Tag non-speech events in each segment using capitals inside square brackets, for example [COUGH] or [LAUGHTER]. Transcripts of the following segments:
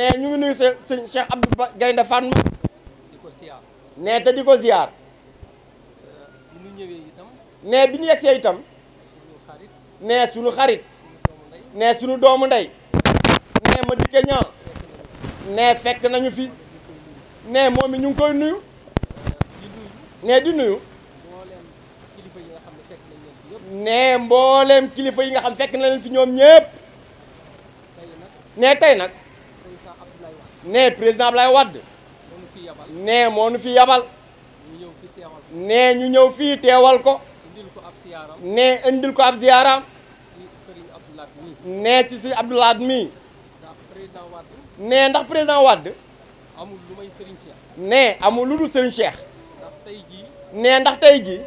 ne ñu ngi nuyu seen sëñ Cheikh Abdou Gaynde Fatma ne te di ko ziar euh, ne bi ñu yegsee itam ne suñu xarit ne suñu doomu ndey ne ma dikke ñaa ne fekk nañu fi ne moom mi ñu ngi koy nuyu ne di nuyu ne mbooleem kilifa yi nga xam fekk na fi ñoom ñépp ne tey nag ne président Ablaye wadd ne moo nu fi yabal ne ñu ñëw fii teewal ko ne indil ko ab ziyaaraam ne ci si Abdou mi ne ndax président Wade ne amul lu dul Serigne Cheikh ne ndax tey jii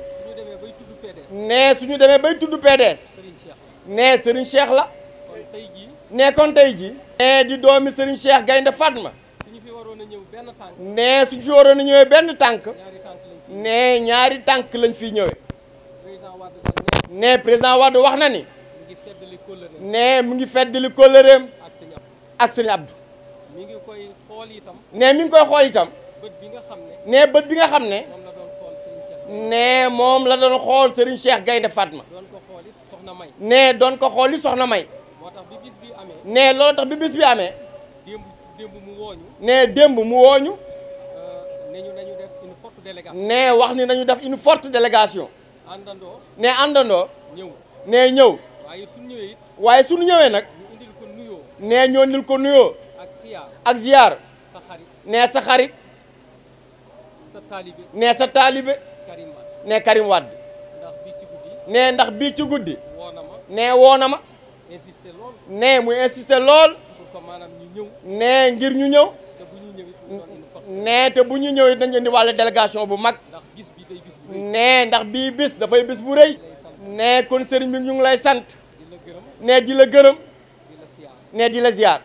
ne ñu demee bay tudd PDS ne Serigne Cheikh la ne kon tey jii. ne di doomi Serigne Cheikh Gaynde Fatma. suñu fi waroon a ñëw benn tànk. ne suñu fi waroon ñëwee benn tànk. ne ñaari tànk lañ fi ñëwee. ne président Wade wax na ni. ne mu ngi feddali kóllëreem. ak Serigne Abdou. mi ngi koy xool itam. ne mi ngi koy xool itam. bi nga xam ne. ne bët bi nga xam ne. ne moom la doon xool sëriñ Cheikh Gaynde Fatma. ne doon ko xool li soxna May. ne loolu tax bi bis bi amee. nee démb mu wooñu euh, ne wax ni nañu def une forte délégation. ne àndandoo. ne ñëw. waaye suñu ñëwee nag. ne ñoo nil ko nuyoo. ak ziyaar. ne sa xarit. ne sa taalibe. ne Karim Wade. ne ndax bii ci guddi. ne woo na nee mu insisté lool nee ngir ñu ñëw nee te bu ñu ñëwee dañu indi wàll délégation bu mag nee ndax bii bis dafay bis bu rëy nee kon sëriñ bi ñu ngi lay sant nee di la gërëm nee di la ziar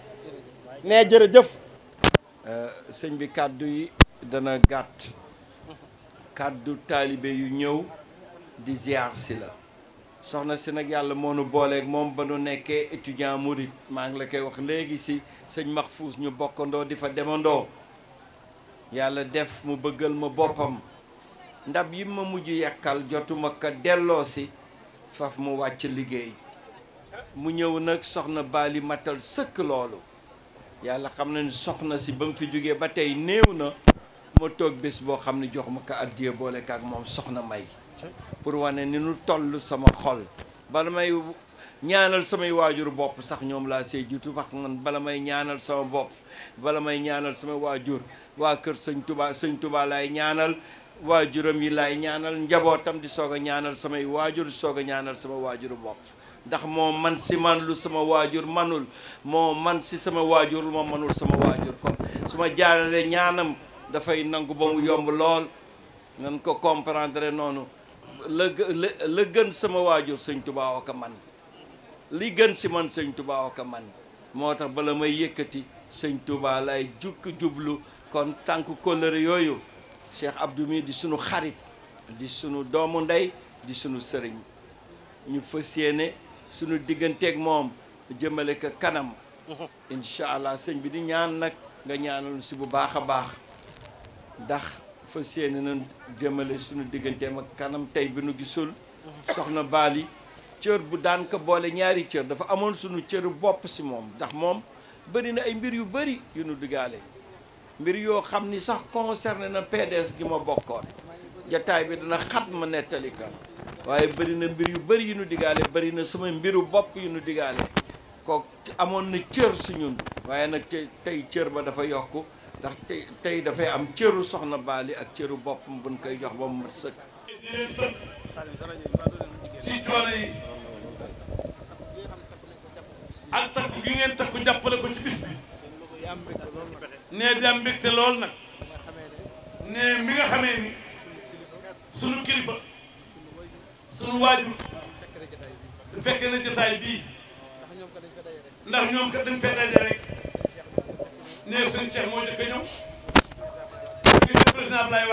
nee jërëjëf. Euh, sëñ bi kàddu yi dana gàtt kàddu taalibe yu ñëw di ziar si la. soxna si nag yàlla moo nu booleeg moom ba nu nekkee étudiant murit maa ngi la koy wax léegi si sëñ Mahfouz ñu bokkandoo di fa demandoo yàlla def mu bëggal ma boppam ndab yi ma mujj yàkkal jotuma ko delloo si faf mu wàcc liggéey mu ñëw nag soxna baali matal sëkk loolu yàlla xam na ni soxna si ba mu fi jógee ba tey néew na ma toog bés boo xam ne joxuma ma ko addiya boole ak moom soxna may pour wane ni nu toll sama xol bala may ñaanal samay waajur bopp sax ñoom laa see jiitu wax man bala may ñaanal sama bopp bala may ñaanal sama waajur waa kër sëñ tubaa sëñ tubaa laay ñaanal waajuram yi laay ñaanal njabootam di soog a ñaanal samay waajur di soog a ñaanal sama waajuru bopp ndax moo man si man lu sama waajur manul moo man si sama waajur lu ma manul sama waajur ko su ma jaaralee ñaanam dafay nangu ba mu yomb lool nan ko comprendre noonu la gën sama waajur sëñ Tuubaa ak man li gën si man sëñ Tuubaa ak man moo tax bala may yëkkati sëñ Tuubaa lay jukk jublu kon tànk kóllëre yooyu Cheikh Abdou mi di sunu xarit di sunu doomu ndey di sunu sëriñ ñu fas yéene sunu digganteeg moom jëmale ko kanam [LAUGHS] incha allah sëñ bi di ñaan nag nga ñaanal si bu baax a baax ndax fa yéene na jëmale sunu diggantee ma kanam tey bi nu gisul soxna baali cër bu daan ko boole ñaari cër dafa amoon suñu cëru bopp si moom ndax moom bëri na ay mbir yu bëri yu nu digaale mbir yoo xam ni sax concerné na PDS gi ma bokkoon jataay bi dina xat ma nettali ka waaye bëri na mbir yu bëri yu nu diggaale bëri na sama mbiru bopp yu nu diggaale kooku amoon na cër si waaye nag tey cër ba dafa yokk ndax tey tey dafay am cëru soxna Baali ak cëru boppam buñ koy jox ba mu mat sëkk. di leen sant yi ak takku gi ngeen takku jàppale ko ci bis bi nee di am mbégte lool nag nee mi nga xamee ni sunu kilifa sunu waajur fekk na jotaay bii ndax ñoom ko dañ fee daje rek. ne sëñ Cheikh moo jëkk a ñëw diggante président Abdoulaye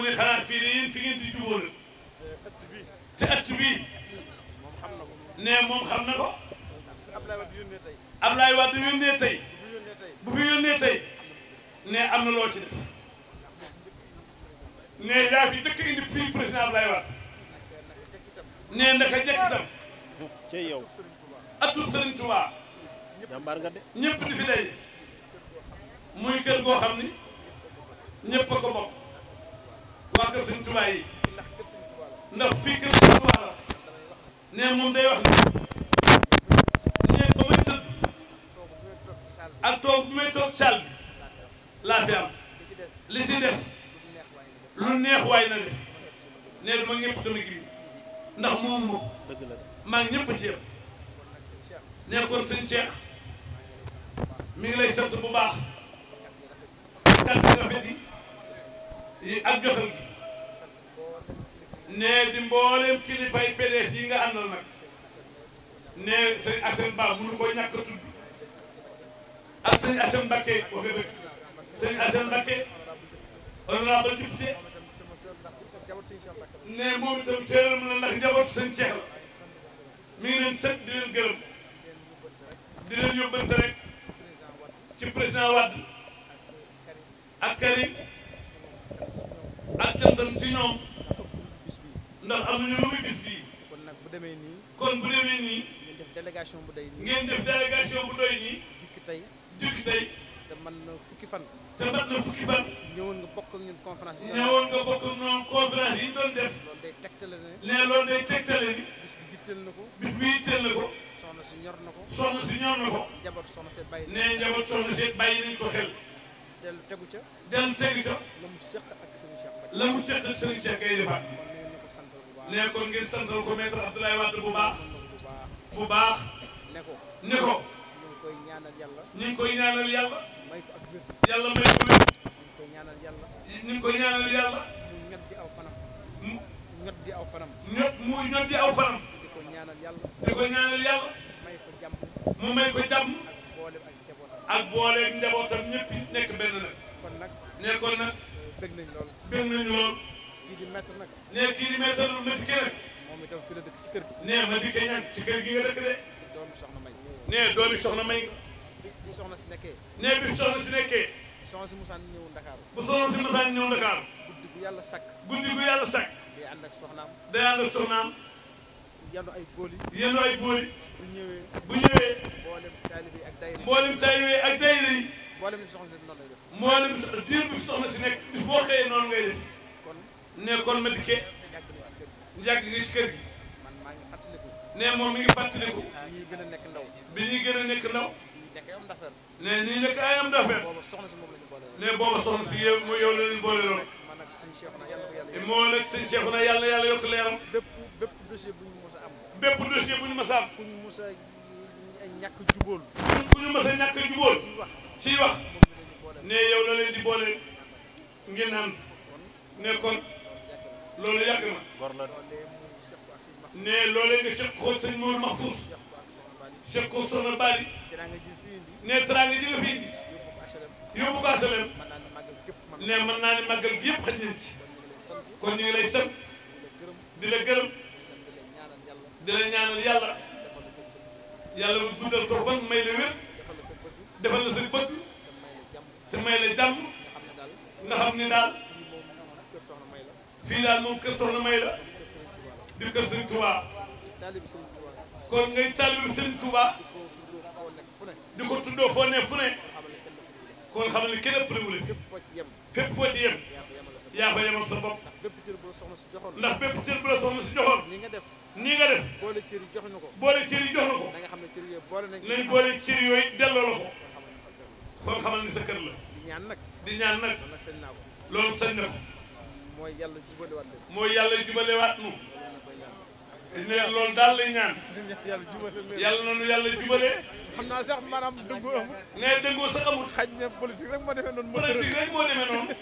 xanaa fii de fi ngeen di jubóo la te ëtt ne moom xam na ko Abdoulaye Wade yónnee tey bu fi yónnee tey ne am na loo ci def ne yaa fi jëkk indi fii président Abdoulaye ne naka jëkk itam. cey yow. atul Serigne Touba. jàmbaar nga de. day muy kër goo xam ni ñëpp a ko bokk. waa kër Serigne Touba yi. ndax fii kër Serigne Touba la. nee moom day wax ni. nee ba may tëdd. ak toog bi may toog saal bi. laa li ci des. lu neex waay na def. nee du ma ñëpp sama gi ndax moom moom maa ngi ñëpp ci yëpp nekkoon sëñ Cheikh mi ngi lay sant bu baax kàddu rafet yi ak jotal gi nee di mboolem kilifay PDS yi nga àndal nag nee sëñ Assane Ba mënu ko ñàkk a tudd ak sëñ Assane Mbacké wax nga dëgg sëñ Assane Mbacké honorable député ne moom itam séeram la ndax njaboot sëñ Cheikh la mi ngi leen set di leen gërëm di leen yóbbante rek ci président Wade ak Karim ak cantam si ñoom ndax amuñu lu muy bis bii kon nag bu demee nii kon bu demee nii ngeen def délégation bu doy nii ngeen def délégation bu doy nii dikk tey dikk tey te man fukki fan te mat na fukki fan. ñëwoon nga bokk ak ñun nga bokk ak ñoom yi ñu doon def. nee loolu day tegtale ni. bis bi yitteel na ko. bis bi yitteel na ko. soxna si ñor na ko. soxna si ñor na ko. njaboot soxna seet bàyyi. nee njaboot soxna seet bàyyi nañ ko xel. dellu tegu ca. dellu tegu ca. la mu seq ak Serigne Cheikh. la mu seq ak Serigne Cheikh kay defaat. nee kon ngeen santal ko maître Abdoulaye Wade bu baax. bu baax. ne ko. ne ko. ñu ngi koy ñaanal yàlla. ñu ngi koy ñaanal yàlla. may yàlla may ko wér. ñu ngi koy ñaanal mu aw fanam. mu aw fanam. ñot aw fanam. di ko ñaanal yàlla. di ko ñaanal may ko jàmm. mu may ko jàmm. ak boole ak njabootam. ak boole ak njabootam ñëpp nekk benn nag. kon nag nekkoon nag. bëgg nañ lool. bëgg nañ lool. kii di maître nag. nee kii di maître nag métti ki nag. moom itam fi dëkk ci kër gi. nee ma dikkee ñaan ci kër gi nga dëkk de. doomi soxna may. nee doomi soxna may nga. bi soxna si nekkee. nee bi soxna si nekkee. bu soxna si musaan ñëw Dakar. bu soxna si musaan ñëw Dakar. guddi gu yàlla sakk. guddi gu yàlla sakk. ànd ak soxnaam. day ànd ak soxnaam. yendu ay booli. yendu ay booli. bu ñëwee. bu ñëwee. mboolem taalibe yi ak dayre yi. mboolem ak dayre yi. mboolem si soxna si noonu lay def. mboolem si soxna si nekk bis boo xëyee noonu ngay def. kon ne kon ma dikkee. yàgg nga ci kër gi. man maa ngi fàttaliku. ne moom bi ñuy gën a nekk ndaw. bi ñuy gën a nekk ndaw. ne nii nekk ay am dafe ne booba soxna si yow la leen boole loon moo nag sëñ Cheikh na yàlla yàlla yokk leeram bépp bépp dossier bu ñu mës a am bépp dossier bu ñu mës a am ku ñu mës a eh, ñàkk jubóol ku ñu mës a ñàkk jubóol ciy wax ne yow la leen di boole ngeen am ne kon loolu yàgg na ne loolee nga seq xool sëñ Mourou Cheikh ko soxna Bari ne teraanga ji nga fi indi yóbbu ko H&M. H&M. asalem ne mën naa ne màggal bi yëpp xaj nañ ci kon ñu ngi lay sant di la gërëm di la ñaanal yàlla yàlla bu guddal sa fan may la wér na la sa bëgg te may la jàmm nga xam ni daal fii daal moom kër soxna may la di kër sëñ Tuubaa taalibi Serigne Touba kon ngay taalibi Serigne Touba di ko tuddoo foo nekk fu ne kon xam ne kenn ëppale wu la fépp ci yem fépp foo ci yem yaa ko yemal sa bopp ndax bépp cër bu la soxna si joxoon ndax bépp cër bu la soxna si joxoon nga def nii nga def boole cër yi jox ko boole cër yi jox na ko na nga xam ne cër yooyu boole nañ nañ boole cër yooyu delloo la ko kon xamal ni sa kër la di ñaan nag di ñaan nag naa ko loolu na mooy yàlla jubalewaat mooy yàlla jubalewaat nu sëñ bi loolu daal lay ñaan. yàlla na nu yàlla jubale. xam naa sax maanaam dëngu amul. nee dëngoo sax amul. xaj na politique rek moo demee noonu. politique rek moo demee noonu.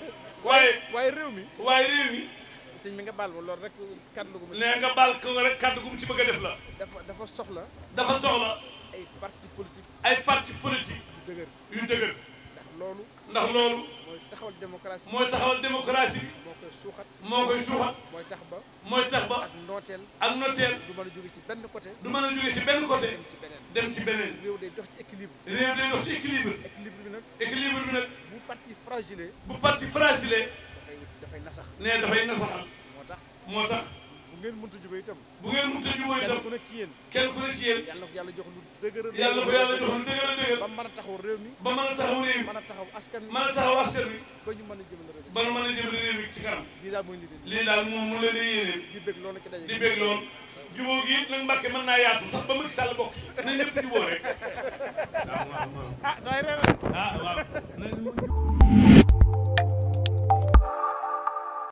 waaye waaye réew mi. waaye réew mi. sëñ mi nga baal ma loolu rek kàddu gu. neex nga baal ko rek kàddu gu mu ci bëgg a def la. dafa dafa soxla. dafa soxla. ay parti politique. ay parti politique. yu dëgër yu dëgër. loolu ndax loolu mooy taxawal démocratie mooy taxawal démocratie bi moo koy suuxat moo koy mooy tax ba mooy tax ba ak nooteel ak nooteel du mën a jóge ci benn côté du ma a jóge ci benn côté dem ci beneen dem ci beneen réew day dox ci équilibre réew day dox ci équilibre équilibre bi nag équilibre bi nag bu parti fragile bu parti fragile dafay dafay nasax nee dafay am moo tax moo tax ngeen mënta jubóo itam bu ngeen mënta jubóo itam kenn ku ne ci yéen kenn ku ne ci yéen yàlla ko yàlla jox lu dëgëral yàlla ko yàlla jox lu dëgëral dëgër ba mën a taxaw réew mi ba mën a taxaw réew mi mën a taxaw askan wi mën a taxaw askan wi ba ñu mën a jëmale réew mi ba ñu mën a jëmale réew mi ci kanam lii daal mooy liggéey lii daal moom mu leen di yéene di bég loolu ci daje di bég loolu jubóo gi nag mbàkke mën naa yaatu sax ba Macky Sall bokk na ñëpp jubóo rek ah [LAUGHS] waaw waaw ah